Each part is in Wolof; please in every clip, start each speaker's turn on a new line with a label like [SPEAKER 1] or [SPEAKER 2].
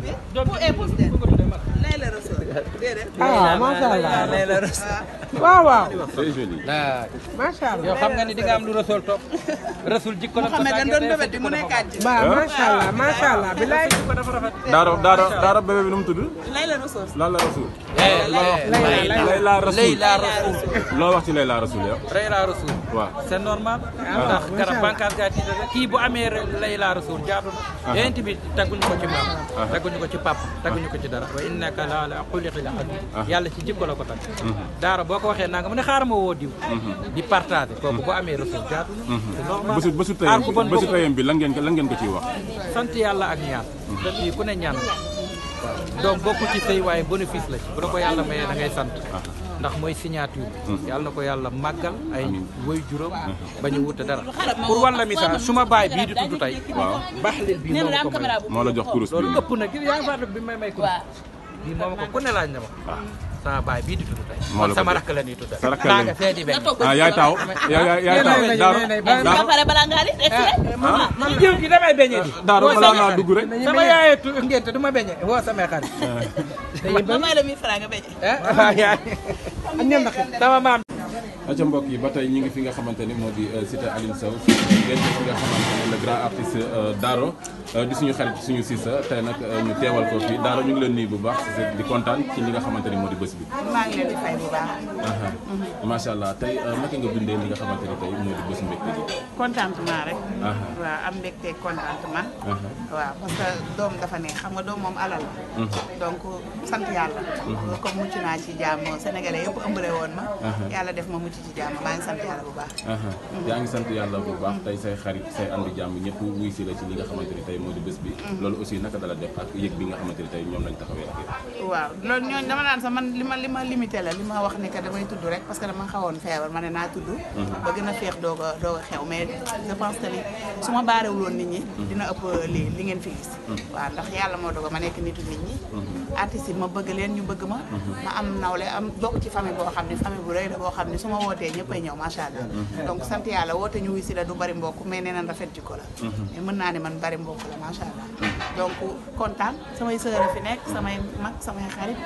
[SPEAKER 1] bi pour et pour lay la rasool
[SPEAKER 2] déedéet ah macha
[SPEAKER 3] allah lay la rasool waaw waaw c'est joli macha allah yow xam nga ni di nga am lu rasool toog rasool jikko la xam ne dañ doon bébé bi mu nekkaat ci waaw macha allah macha allah bilaay jikko dafa rafet daara daara daara bébé bi nu mu tudd lay la rasool lay la rasool lay la rasool lay la rasool loo wax ci lay la rasool yow lay la rasool waaw
[SPEAKER 1] c'est normal ndax garab bankaar gaa tiital kii bu amee lay la rasool jaadu na yéen tamit tagguñu ko ci maam tagguñu ko ci wa innaka la ala xuliqil azim ah. yàlla la ko tag mhm. daara boo ko waxee nanga mu ne xaar mhm. mhm.
[SPEAKER 3] bi lan ko ciy
[SPEAKER 1] wax sant yàlla ak ñaan te fii ku ne ñaan
[SPEAKER 2] donc bokku ci sëy
[SPEAKER 1] waaye bénéfice la ci bu la yàlla mayee da sant ah. ndax mooy signature bi mm-hmm. yàlla na ko yàlla màggal ay woy juróom mm-hmm. ba ñu wute dara pour wàlla misaal su ma baay bii di tudd tey waaw baaxlil
[SPEAKER 4] bii moo ko moo la jox kurus loolu ëpp na gir yaa bi may may kurus bii moo ma ko ku ne laaj
[SPEAKER 1] na sama baay bii di tudd tey. moo sama rakk la ñuy tudd. sa rakk la ñuy ah yaay taw yaay yaay taw daaru daaru pare balaa ngaa di est man jiw gi damay beñe di. daaru balaa ngaa dugg rek. sama
[SPEAKER 3] yaay tu ngénte du ma beñe woo samay xarit. dañuy ah. bañ ma may
[SPEAKER 1] la 1000 nga beñe. ah waaw maam.
[SPEAKER 3] aca mbokk yi ba tey ñu ngi fi nga xamante ni moo di euh, cité Aline Sow ngeen fi nga xamante ni grand artiste euh, Daro euh, di suñu xarit ci suñu siisa tey nag ñu teewal ko fii Daro ñu ngi leen nuyu bu baax di kontaan ci li xamante ni di bés bi. tey naka nga bindee li nga bi.
[SPEAKER 1] contentement rek. waaw am mbégte contentement. waaw parce que doom dafa ne xam nga doom moom alal la. Mhm. donc sant yàlla. Mhm. comme mucc naa ci jàmm Sénégalais yëpp ëmbale ma. yàlla def ma mucc ci jàmm maa ngi sant yàlla bu
[SPEAKER 3] baax. yaa ngi sant yàlla bu baax tey say xarit say ànd jàmm ñëpp wuy si la ci li nga xamante ni tey moo di bés bi. Mm-hmm. loolu aussi naka dala def ak yëg bi nga xamante tey ñoom lañ taxawee ak yéen.
[SPEAKER 1] waaw loolu dama naan sax man li ma li la li ma wax ne que damay tudd rek parce que dama xawoon feebar ma ne naa tudd. Mm-hmm. ba gën a féex doog a a xew mais je pense que su ma baarewul nit ñi. Mm-hmm. dina ëpp li li ngeen fi gis. waaw ndax yàlla moo wootee ñëppay ñëw macha allah. Mm-hmm. Mm-hmm. donc sant yàlla woote ñu wuy la du bari mbokk mais nee nañ rafet jikko la.
[SPEAKER 2] Mm-hmm.
[SPEAKER 1] mais bari mbokk la macha donc kontaan samay sœur a samay mag samay xarit.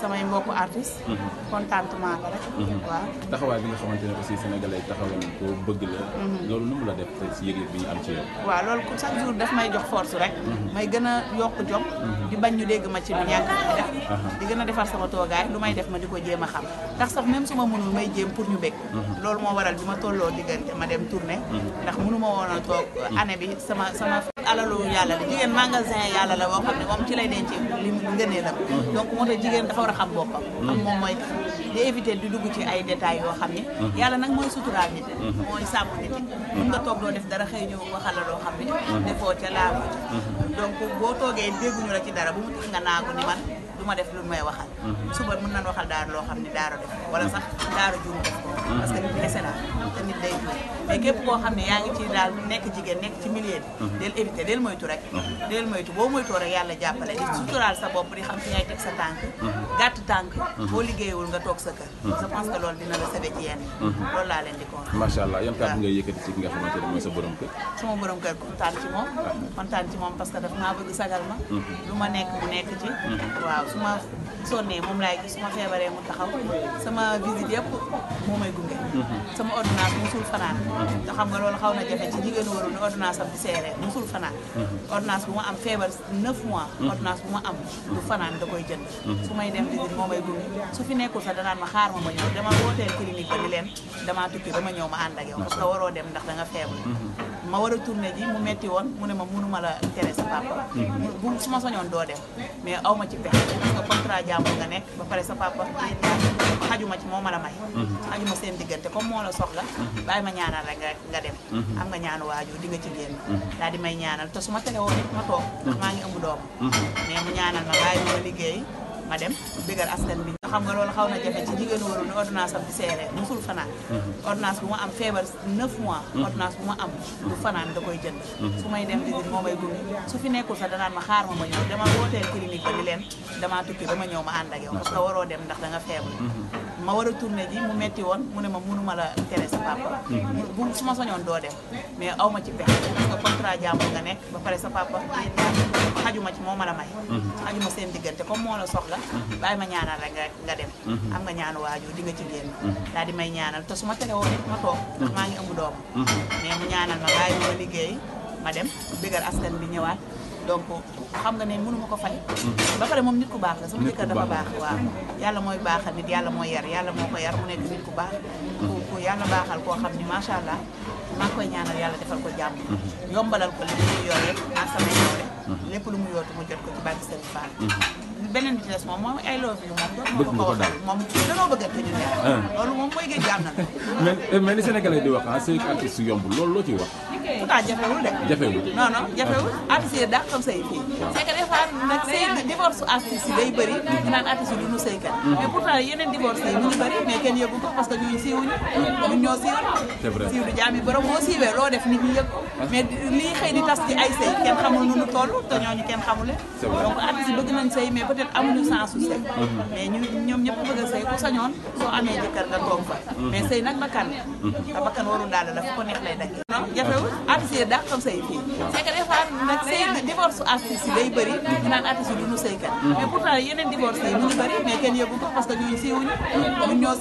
[SPEAKER 1] samay mbokku artiste contentement la rek. waaw
[SPEAKER 3] taxawaay bi nga xamante ne aussi sénégalais taxawal la. loolu nu mu la def si yëg-yëg bi ñu am ci yow.
[SPEAKER 1] waaw loolu chaque jour daf may jox force rek. may gën a yokk jom. di bañ ñu dégg ma ci lu ñàkk uh-huh. di gën a defar sama toogaay lu may def ma di ko jéem a xam ndax sax même su mënul may jéem pour ñu bëgg mhm. loolu moo waral bi ma tolloo diggante ma dem tournée mhm. ndax mënu ma woon a toog mhm. année bi sama sama alalu yàlla la jigéen magasin yàlla la woo xam ne moom ci lay denc li mu ngënee la donc moo jigéen dafa war a xam boppam am moom mooy di éviter di dugg ci ay détails yoo xam ne yàlla nag mooy suturaal nit mooy sàmm nit mun nga toog doo def dara xëy ñëw waxal la loo xam ne defoo ca laaloo ca donc boo toogee dégguñu la ci dara bu mu tax nga naagu ni man du ma def lu may waxal mhm. suba mën nañ waxal daara loo xam ne daara def wala sax daara juum def ko mhm. koo xam ne yaa ngi ci daal nekk jigéen nekk ci milieu bi mhm. del éviter del moytu rek del moytu boo moytoo rek yàlla jàppale sa bopp di xam sa tànk gàtt tànk boo liggéeyewul nga toog sa kër je pense que loolu dina la sabe ci yenn loolu laa leen di ko
[SPEAKER 3] macha allah yan kàddu ngay yëkkati ci ki nga sa borom kër
[SPEAKER 1] sama ah. maa bëgg sagal ma lu ma nekk mu nekk ci waaw su ma sonnee moom laay gis su feebaree mu taxaw sama visite yëpp moo may gunge. Mhm. sama ordonnance musul fanaan. te xam nga loolu xaw na jafe ci jigéenu warul ni ordonnance am di seeree musul fanaan. Mhm. ordonnance bu am feebar 9 mois. Mhm. ordonnance bu ma am du fanaan da koy jënd. su may dem visite su fi nekkul sax danaan ma xaar ma ma ñëw dama wooteel clinique ba di leen damaa tukki dama ñëw ma ànd ak yow. parce waroo dem ndax da nga feebar. ma war a tourné ji mu metti woon mu ne ma mënuma la tere sa papa mhm. bu su ma soñoon doo dem mais aw ma ci pexe parce que contrat nga nekk ba pare sa papa ma ci moo ma la may mhm. xajuma seen diggante comme moo la soxla mhm. bàyyi ma ñaanal rek nga dem am nga ñaanu waajur di nga ci génn daal di may ñaanal te suma ma tere woon ma toog maa ngi ëmb doom mais mu ñaanal ma bàyyi ma liggéey ma dem bégal askan bi xam nga loolu xaw na jafe ci jigéenu warul ni ordonnance am di seeree musul fanaan
[SPEAKER 2] mhm.
[SPEAKER 1] bu ma am feebar neuf mois mhm. ordonnance bu ma am du fanaan da koy jënd mhm. su may dem di moo may gunge su fi nekkul sax danaan ma xaar ma ma ñëw dama wooteel clinique ba di leen damaa tukki dama ñëw ma ànd ak yow parce waroo dem ndax danga nga feebar ma war a tourné ji mu metti woon mu ne ma mënuma la tere sa papa mhm. bu su ma soñoon doo dem mais aw ma ci pexe parce que contrat nga ba pare sa papa xajuma ci moo ma la may mhm. xajuma seen diggante comme moo la soxla mhm. bàyyi ma ñaanal rek nga dem am nga ñaanu waajur di nga ci génn daal di may ñaanal te su ma tere woon it toog maa ngi amu doom mais mu ñaanal ma bàyyi ma liggéey ma dem bëggal askan bi ñëwaat donc xam nga ne mënu ko fay mhm. ba pare moom nit ku baax la sama jëkkër dafa baax waaw yàlla mooy baaxal nit yàlla mooy yar yàlla moo ko yar mu nekk nit ku baax ku ku yàlla baaxal koo xam ni macha allah maa ngi koy ñaanal yàlla defal ko jàmm mhm. yombalal ko li muy yor yëpp ak samay doole mhm. lépp lu bi ci des moom moom moom doot moo ko ko waxal moom danoo bëggat ko ah. ñu leer loolu moom mooy géej jàmm na
[SPEAKER 3] mais mais ni sénégalais di wax ah c'est artiste yombul loolu loo ciy wax
[SPEAKER 1] pourtant jafewul de.
[SPEAKER 3] jafewul non jafewul.
[SPEAKER 1] artistes yi dàq xam sëy fii. c'est que nag sëy divorce artistes yi bëri. mu mhm. mhm. ngi bëri mais parce que ñun siiwuñu. Mhm. ñun ñoo siiwal. c'est vrai siiw du jaam yi borom boo siiwee loo def nit ñi yëg ah. mais lii te amuñu sens su sëy. mais ñoom ñëpp bëgg a sëy ku sañoon soo amee jëkkër nga toog fa. mais sëy nag bakkan. bakkan warul daal dafa ko neex lay dakkee. jafewul artistes yi daa xam say divorce artistes day bëri mm-hmm. ñu naan artistes yi du ñu saykat mm-hmm. mais pourtant yeneen divorce yi ñu ngi bëri mais kenn yëgu ko parce que ñun mm-hmm. ñoo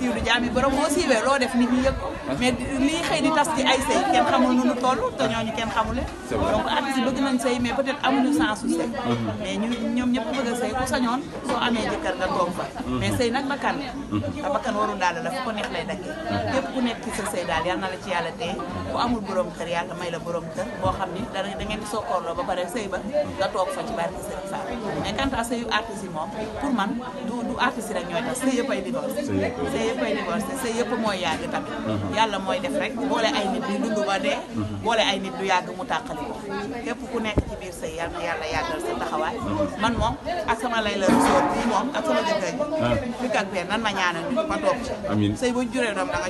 [SPEAKER 1] siiw du jaam yi borom siiwee loo def nit ñi yëg ah. mais lii xëy di tas ci ay say kenn xamul nu ñu te ñooñu kenn xamule donc artistes bëgg nañ say mais peut être amuñu sens su say mais ñoom ñëpp bëgg a say ku sañoon soo amee jëkkër nga toog fa mais say nag bakkan te bakkan warul daal la fu amul borom kër yàlla may la borom kër boo xam ni dara da ngeen di sokkoorloo ba pare sëy ba nga toog fa ci barke Sëriñ Fall mais quant à sëyu artiste yi moom pour man du du artiste rek ñooy tax sëy yëpp ay divorce sëy yëpp mooy yàgg tamit mhm. yàlla mooy def rek boole ay nit du dund ba dee mhm. boole ay nit du yàgg mu tàqali ko ku nekk ci biir sëy yal na yàlla sa taxawaay man moom ak sama lay la soor bii moom ak sama jëkkër ji fukk ak benn nan ma ñaanal ñu ma toog ci amiin sëy bu ñu juree doom da ah.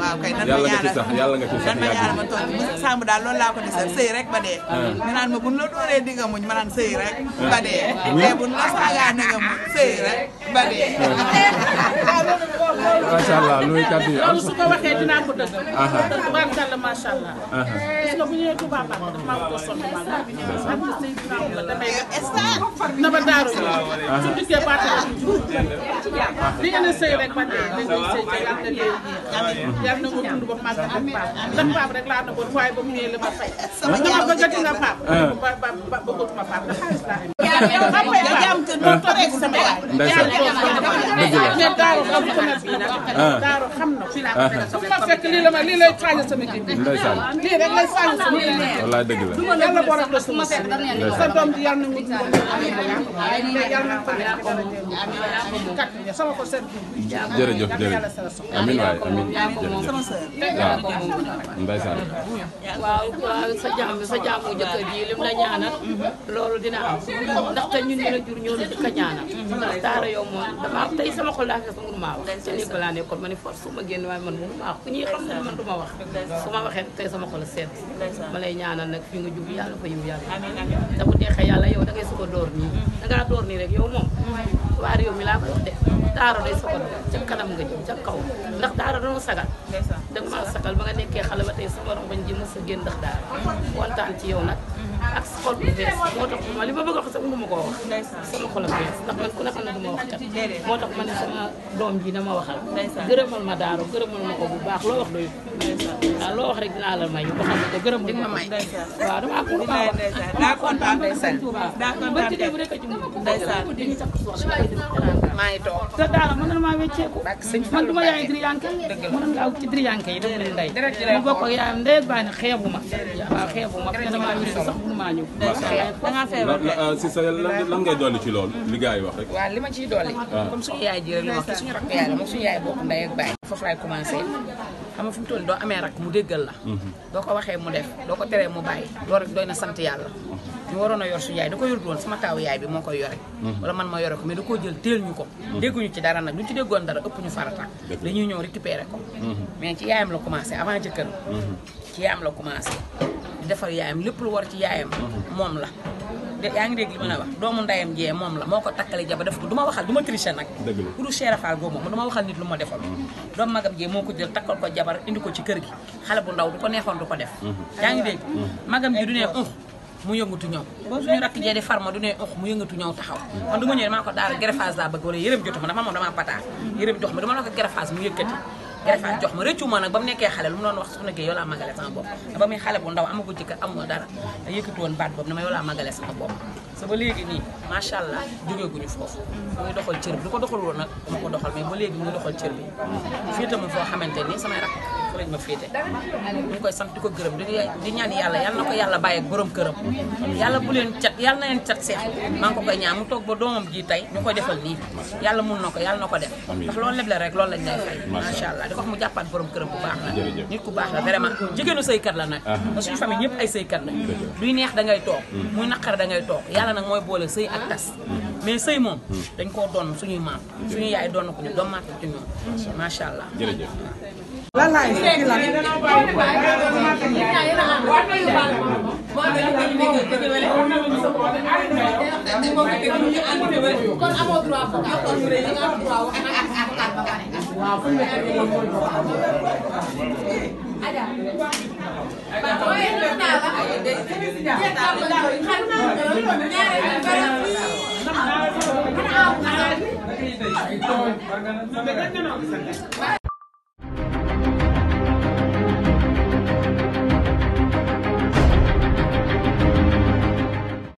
[SPEAKER 3] waaw kay nan ma ñaanal nan
[SPEAKER 1] daal loolu laa ko di sëy rek ba dee ah. ñu naan ma buñ la dooree di nga muñ ma naan sëy rek
[SPEAKER 3] ah. ba dee mais
[SPEAKER 1] buñ la saagaa na
[SPEAKER 3] nga muñ sëy rek macha allah looy kàddu yi am su ko waxee dinaa ko
[SPEAKER 4] dëgg. tubaarkàlla allah. gis bu ñëwee Touba Mbacke dafa maa ko doon sonn Mbacke. la rek ba dee dañ koy sëy ca yàlla na dee
[SPEAKER 3] yàlla na nga
[SPEAKER 1] dund ba màgg ak paap ndax paap rek laa naboon jërëjëf jërëjëf amin
[SPEAKER 3] waay amin jërëjëf ndeysaan
[SPEAKER 2] waaw waaw sa jàmm sa jàmmu jëkkër
[SPEAKER 4] ji lim la ñaanal loolu dina am ndaxte la jur ñoo la jëkk a ñaanal ndax daara yow moom damaa tey sama xol daa fees mënu maa wax te néeg balaa nekkoon ma ne force su ma génn waaye man mënu maa wax ku ñuy xam ne man du ma wax su ma waxee tey sama xol seet ma lay ñaanal nag fi nga jub yàlla fa yiw yàlla te bu deexee yàlla yow da ngay a door nii mm-hmm. dangaa door nii rek yow moom waa réew mi laa ko wax de daara day soog a door ca kanam nga jëm ca kaw ndax daara dama sagal danga maa sagal ba nga nekkee xale ba tey sama rongoñ ji mos a génn ndax daara kontaan ci yow nag mm-hmm. ak xol bu fees moo tax ma li ma bëgg sax mënuma koo wax. ndeysaan sama xolam bees ndax man ku ne xam ne du ma wax kat. moo tax man sama doom ji dama waxal. ndeysaan gërëmal ma daaro gërëmal ma ko bu baax loo wax doyul. ndeysaan waaw ah, loo wax rek dinaa la may ba xam ne ko gërëmal ma ko. ndeysaan waaw damaa ko ko wax. daa kontaan ndeysaan daa kontaan ndeysaan ba rek a ci mujj. ndeysaan dañuy takk soxla maa ngi toog te daara mën na maa wecceeku. man du ma yaay diriyanke mën ngaa ci diriyanke yi dama leen day mu bokk ak yaayam ndey baa ne xeebu ma waaw xeebu ma damaa wér sax mënu maa ñëw
[SPEAKER 3] si sa lan ngay dolli ci loolu li
[SPEAKER 4] ah. mu toll doo amee rak mu déggal la mhm. doo ko waxee mu def doo ko teree mu bàyyi loolu rek doy na sant yàlla mhm. ñu waroon a yor suñu yaay da ko yor doon sama taaw yaay bi moo koy yore mhm. wala man ma yore ko mais da koo jël teel ñu ko dégguñu ci dara nag duñu ci déggoon dara ëpp ñu farata dañuy ñëw récupérer ko mais ci yaayam la commencé avant jëkkër ci yaayam la commencé di defar yaayam lépp lu war ci yaayam mhm. moom la yaa ngi dégg li ma la wax doomu ndayam jee moom la moo ko takkale jaba def ko du ma waxal du ma triché nag pour cherafaal googu moom nit lu ma defal mhm. doomu ko jël takkal ko jabar indi ko ci kër gi xale bu ndaw du ko neexoon du ko mhm. mu yëngatu ñëw suñu rakk ma ñëw damaa ko daal greffage laa bëgg wala yërëm jotu ma dama moom damaa pataa yërëm jox ma dama la ko greffage mu yëkkati gerefaat jox ma rëccu ma nag ba mu nekkee xale lu mu doon wax soxna Gueye yow laa magale sama bopp da ba muy xale bu ndaw amagu jëkkër amul dara da yëkkati woon baat boobu ne ma yow magale sama bopp sa ba léegi nii macha allah jógeeguñu foofu mu ngi doxal cër bi lu ko doxal woon nag ma ko doxal mais ba léegi mu ngi doxal cër bi fii tamit foo xamante ni sama rak foofu lañ koy sant di ko gërëm di ñaan yàlla yàlla na ko yàlla bàyyi ak borom këram yàlla bu leen cat yàlla na leen cat seet maa ngi ko koy ñaan mu toog ba doomam ji tey ñu koy defal lii yàlla mun na ko yàlla na ko def ndax loolu lépp la rek loolu lañ lay fay macha bu baax la nit ku baax la vraiment jigéenu sëykat la nag ba suñu famille ñëpp ay sëykat la luy neex da ngay toog hmm. muy naqar da ngay toog yàlla nag mooy boole sëy ak tas hmm. mais sëy moom hmm. dañ koo doon suñuy maam suñu yaay doon ko ñu doon maam ci ñoom macha allah
[SPEAKER 2] jërëjëf
[SPEAKER 4] lan laay ci lan
[SPEAKER 2] Ada.